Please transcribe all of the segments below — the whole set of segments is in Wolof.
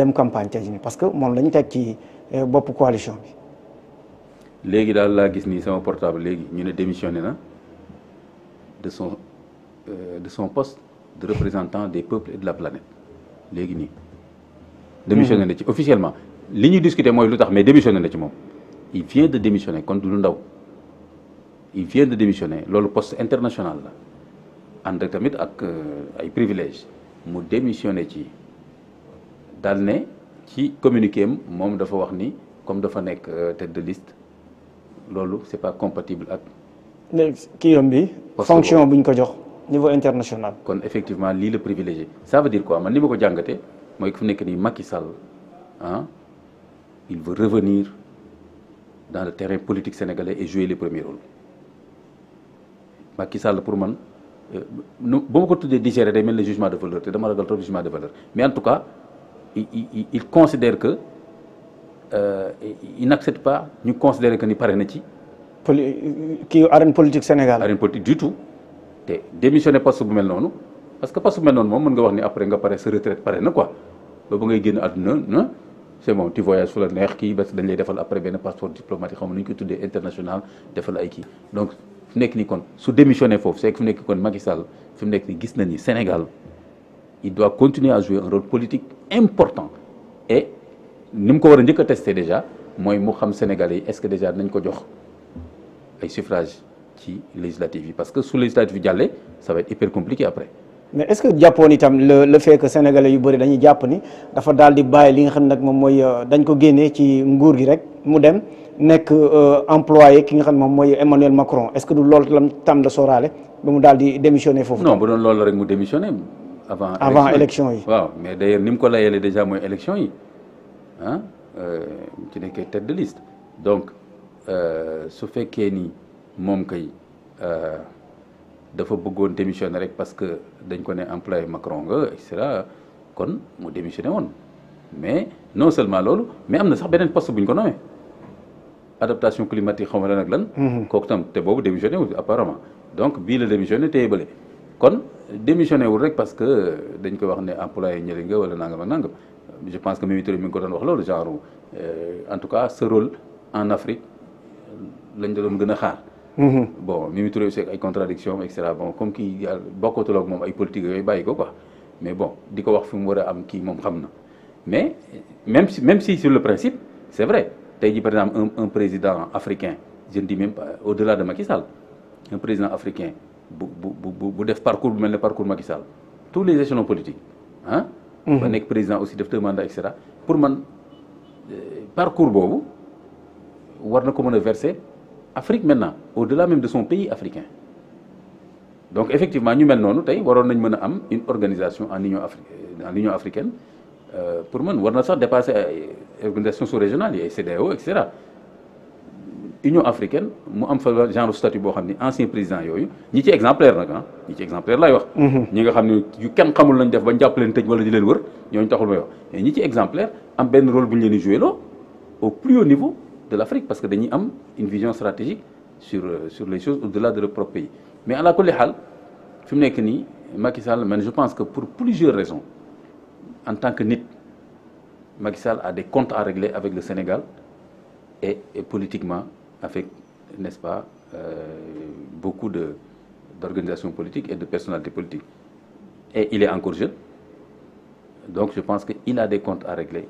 dem campagne parce que mom l'unité tek va ci eh, bop coalition bi. léegi daal la gis sama portable légui ñu né démissionné na de son euh, de son poste de représentant des peuples et de la planète léegi nii. démissionné na ci officiellement li ñuy discuter moy lutax mais démissionné na ci mom il vient de démissionner kon du lu ndaw il vient de démissionner lolu poste international la ànd ak tamit ak euh, ay privilèges mu démissionné ci daal ci communiqué mom dafa wax ni comme dafa nek euh, tête de liste loolu c'est pas compatible ak. kii yom bi. fonction buñ ko jox niveau international. kon effectivement l'île le privilégié ça veut dire quoi man ni je ko jàngatee mooy fu nekk Macky Sall hein, il veut revenir dans le terrain politique sénégalais et jouer les premiers rôles Macky Sall pour man euh, nu bu ma ko tuddee digérer day mel les jugements de valeur te dama ragal trop jugement de valeur mais en tout cas il, considère que euh, il n'accepte pas Nous considérons que ni pare na qui poli kii arène politique Sénégal. une politique du tout démissionner pas bu mel parce que pas bu mel noonu moom mën nga wax ni après nga pare sa retraite pare quoi ba non? Hein? c'est bon tu voyages sur la tu vas parce defal après un passeport diplomatique xam nañu ko tuddee international defal ay kii donc fu nekk nii kon su démissionné c'est que fu nekk kon Macky Sall fi mu nekk Sénégal il doit continuer à jouer un rôle politique important et nous mu ko war a testé déjà mooy mu xam Sénégalais est-ce que déjà nous ko jox ay suffrage ci législatif parce que sous législatif yi ça va être hyper compliqué après. mais est-ce que Japon, itam le le fait que sénégalais yu bëri dañuy jàpp ni dafa daal di bàyyi li nga xam ne nag moom mooy euh, dañ ko génnee ci nguur gi rek mu dem euh, employé ki nga xam ne Emmanuel Macron est-ce que du loolu tam la soralé ba mu daal di démissionné foofu. non bu doon loolu rek mu démissionner avant avant élection yi waaw mais d'ailleurs nim ko layele déjà moy élection yi hein, euh ci nekkee tête de liste donc euh, su féké ni mom kay euh, dafa bëggoon démissionner rek parce que dañ ko né employé Macron nga et cetera kon mu démissionné won mais non seulement lolu mais amna sax benen poste buñ ko nommé adaptation climatique xaw ma lan ak lan. Mhm. kooku tam té bobu démissionné wu apparemment donc bii la démissionné téye kon démissionné ou rek parce que dañ ko wax né employé ñëli nga wala nangam nangam je pense que Mimi mi ngi ko wax lolu genre euh, en tout cas ce rôle en Afrique euh, lañ doon gëna xaar. Mhm. bon Mimi Touré ay contradictions, etc. bon comme qui, bokotul ak mom ay politique yoy bayiko quoi mais bon diko wax fi mu wara a am ki mom xamna mais même si même si sur le principe c'est vrai tay par exemple un un président africain je ne dis même pas au-delà de Macky Sall un président africain bu bu bu bu def parcours bu parcours Macky Sall tous les échelons politiques hein? Mhm. ba le président aussi def deux mandats et cetera pour man euh, parcours boobu war na ko mën verser Afrique maintenant au-delà même de son pays africain. donc effectivement nous mel nous une organisation en union euh, africaine euh, pour man war na sax dépasser les organisations sous-régionales les cdao e CEDEAO Union africaine mu am fa genre statut bo ancien président yoyu ñi ci exemplaire nak est ah, ñi ci exemplaire lay wax. Mhm. ñi nga xamni yu kenn xamul lañ def ba jàpp leen tëj wala di leen wër ñooñu taxul may wax ci exemplaire am ben rôle buñ leen au plus haut niveau de l'Afrique. parce que dañuy am une vision stratégique sur euh, sur les choses au-delà de leur propre pays mais à kulli hal, Macky Sall man je pense que pour plusieurs raisons en tant que nit Macky Sall a des comptes à régler avec le Sénégal et politiquement avec, n'est-ce pas, euh, beaucoup d'organisations politiques et de personnalités politiques. Et il est encore jeune. Donc je pense qu'il a des comptes à régler.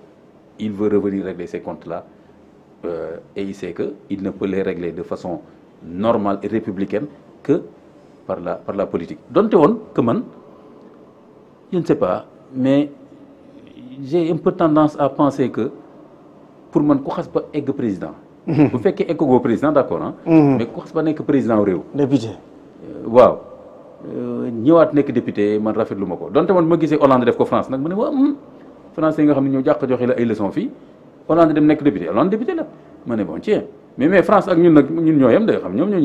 Il veut revenir régler ces comptes-là. Euh, et il sait qu'il ne peut les régler de façon normale et républicaine que par la, par la politique. Donc, que man, je ne sais pas, mais j'ai un peu tendance à penser que pour moi, je ne pas être président bu faites président d'accord président, hein. mm-hmm. mais ku ce président le député. Euh, waaw euh, ñëwaat député man rafetlu ko donte man ma Hollande def France Je hmm. France yi je ñoo Hollande dem député Hollande député bon mais mais France nous sommes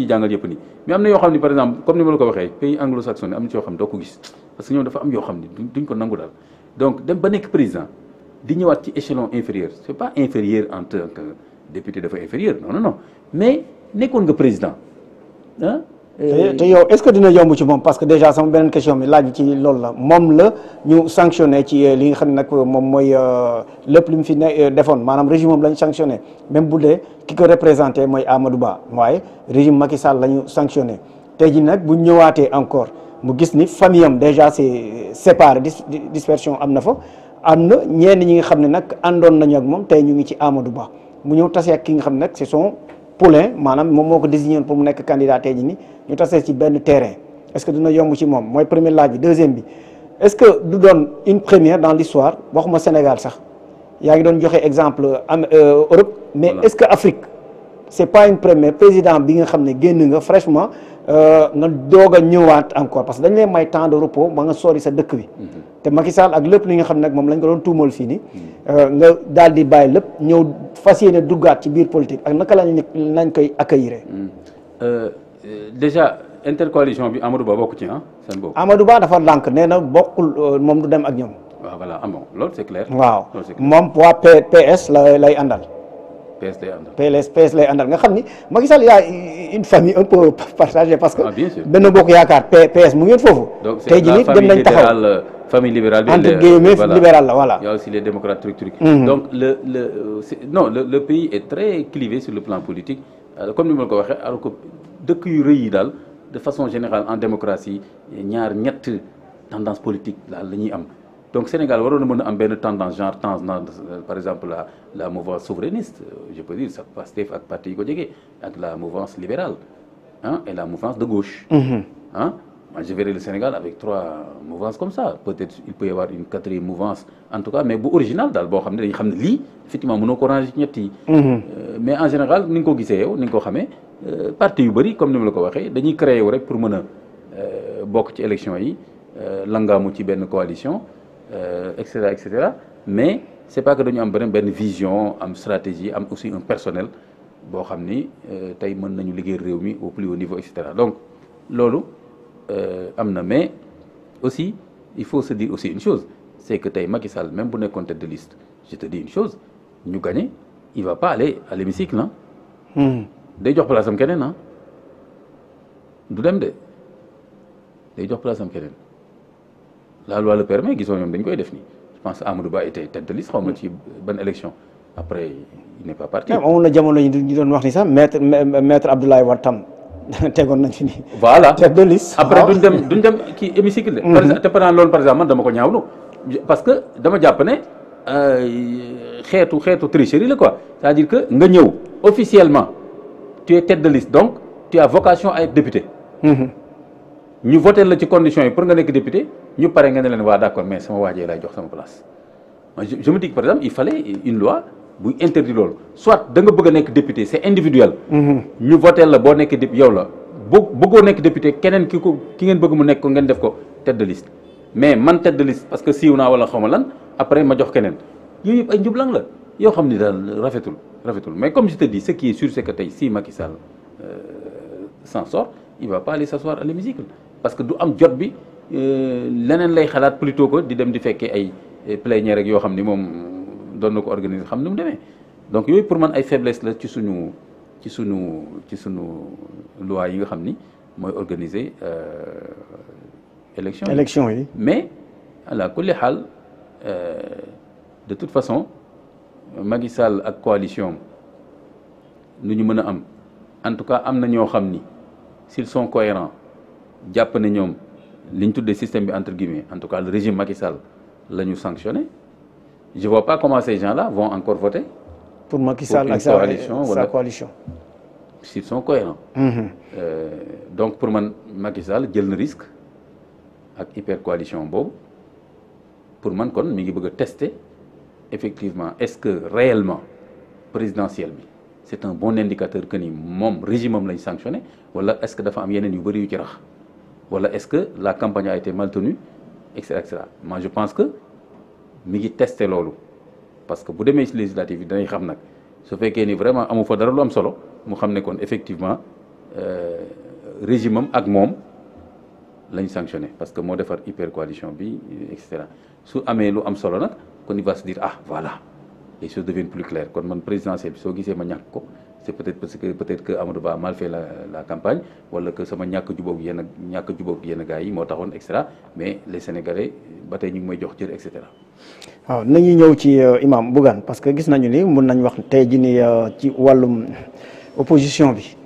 gens ñun sont mais par exemple comme nous pays anglo saxons nous ci parce que nous donc président échelon inférieur Ce n'est pas inférieur en tant que député dafa inférieur non non non mais nekkoon nga président ah. te yow est-ce que dina yomb ci mom parce que déjà sama benen question mi laaj ci lool la mom la ñu sanctionné ci euh, li nga xam nak euh, mom moy lepp lim fi ne manam régime mom lañ sanctionner sanctionné même bu dee ki ko représenter moy Amadou Ba moy régime Macky Sall la sanctionner sanctionné tey jii bu ñëwaaté encore mu gis ni famille déjà c'est séparé dispersion amna fa amna na ñi nga xam nak nag àndoon nañu ak mom tay ñu ngi ci Amadou Ba mu ñëw tase ak ki nga xam nag c'est son poulain maanaam moom moo ko désigné pour mu nekk candidat tey ji ni ñu tasee ci benn terrain est-ce que dina yomb ci moom mooy premier laaj deuxième bi est-ce que du donne une première dans l'histoire waxuma Sénégal sax yaa ngi doon joxe exemple am euh, Europe mais est-ce que Afrique c' pas une première président bi nga xamné ne génn nga fraîchement euh nga doga ñëwaat encore parce que dañ lay may temps de repos ba nga sori sa dëkk bi. Mhm. té Macky Sall ak lepp li nga xamné ne nag lañ ko doon tuumal fii mhm. euh nga daldi baye lepp ñëw fas yéene duggaat ci biir politique ak naka lañ nañ koy accueillir. Mhm. Euh, euh, déjà intercoalition bi Amadou Ba bokk ci hein sen bopp. Amadou Ba dafa lank néna bokul euh, mom du dem ak ñom waaw ah, voilà ah bon c'est clair. waaw mom waa PS la lay andal PS lay àndal PLS PS lay àndal nga xam Macky Sall y une famille un peu partagée parce que. ah bien sûr benn bokk yaakaar PS mu ngeen foofu. tey jii nii dem nañ taxaw euh, famille libérale. entre guillemets libérale la voilà. il y a aussi les démocrates truc truc. Mhm. donc le le euh, non le pays est très clivé sur le plan politique euh, comme ni ma la ko waxee alors que dëkk yu rëy yi daal de façon générale en démocratie ñaar ñett tendance politique daal la am donc Sénégal on a am tendance genre tendance euh, par exemple la mouvance souverainiste euh, je peux dire ça passe le parti qui ko avec la mouvance libérale hein, et la mouvance de gauche. Mhm. Hein? Moi, je verrai le Sénégal avec trois mouvances comme ça peut-être il peut y avoir une quatrième mouvance en tout cas mais bu original d'abord, boo xam ne c'est xam ne lii effectivement ko ranger ci ñett mhm. euh, mais en général nous nga ko gisee parti yu comme ni ma dit, ont créé créer pour qu'ils a bokk ci élection yi langaamu ci coalition etc euh, etc mais c'est pas que nous avons une vision une stratégie aussi un personnel pour xam ni euh, tey nous nañu au plus haut niveau etc, cetera donc loolu euh, am mais aussi il faut se dire aussi une chose c'est que tey Macky Sall même bu nekkoon tête de liste je te dis une chose nous gagner, il va pas aller à l'hémicycle hein. hmm. a pas jox place am il hein. n'y du dem de place am la loi le permet gisoo ñoom dañ koy def je pense Amadou Ba était tête de liste xaw ma ci ban élection après il n'est pas parti. Ah, on a jamono yi ñu doon wax ni ça, maître maître Abdoulaye Wattam. tam tegoon nañ voilà tête de liste. après duñ dem duñ dem kii hémicycle. Mm-hmm. par exemple te pendant loolu par exemple man dama ko ñaawlu parce que dama jàpp ne euh, xeetu xeetu tricherie la quoi c'est-à-dire que nga officiellement tu es tête de liste donc tu as vocation à être député. Mm-hmm ñu voté la ci conditions yi pour nga nekk député ñu pare nga ne leen waa d' accord mais sama waajee lay jox sama place je je me dis que par exemple il fallait une loi buy interdit loolu soit da nga bëgg a nekk député c' est individuel. Mhm. ñu voté la boo nekkee député yow la boo bëggoo nekk député keneen ki ko ki ngeen bëgg mu nekk ko ngeen def ko tête de liste. mais man tête de liste parce que siiw naa wala xaw ma lan après ma jox keneen yooyu yëpp ay njublang la yoo xam ni daal rafetul rafetul mais comme je te dis ce qui est sûr c' est que tey si Macky Sall euh, s'en sort il va pas aller s'asseoir à musique parce que du am jot bi euh, leneen lay xalaat plutôt que di dem di fekkee ay euh, plénière rek yoo xam ni moom doon na ko organiser xam ni mu demee donc yooyu pour man ay faiblesse la ci suñu ci suñu ci suñu loi yi nga xam ni mooy organiser euh, élection élection yi mais ala kulli xaal de toute façon Macky Sall ak coalition nu ñu mën a am en tout cas am na ñoo xam ni s'ils sont cohérents jàpp ne ñoom li système entre guillemets en tout cas le régime Macky Sall la sanctionné je vois pas comment ces gens-là vont encore voter. pour Macky Sall ak sa coalition s'ils sont cohérents. Mhm. Euh, donc pour man Macky Sall a na risque ak hyper coalition pour man kon mi ngi bëgg tester effectivement est-ce que réellement présidentiel bi c'est un bon indicateur que ni régime am sanctionné wala est-ce que dafa am yeneen yu bari yu ci rax. Voilà, est-ce que la campagne a été mal tenue Etc. etc. Moi, je pense que nous avons testé Parce que si vous avez une législative, vous savez ce fait qu'il vraiment amu fa dara lu am solo mu xam kon effectivement euh, régime am ak moom lañ sanctionné parce que moo defar hyper coalition bi et cetera su amee lu am solo on va se dire ah voilà et ça devient plus clair. kon man présidentiel, bi soo gisee ma ñàkk ko c'est peut-être parce que peut-être que Amadou Ba a mal fait la, la campagne wala que sama ñàkk jubóog yenn ñàkk jubóog yenn gars yi moo taxoon et etc mais les sénégalais batay ñu moy jox cër etc waaw nañu ñëw ci euh, imam Bougane parce que gis nañu ni mën nañ wax tay ji ni euh, ci walum opposition bi.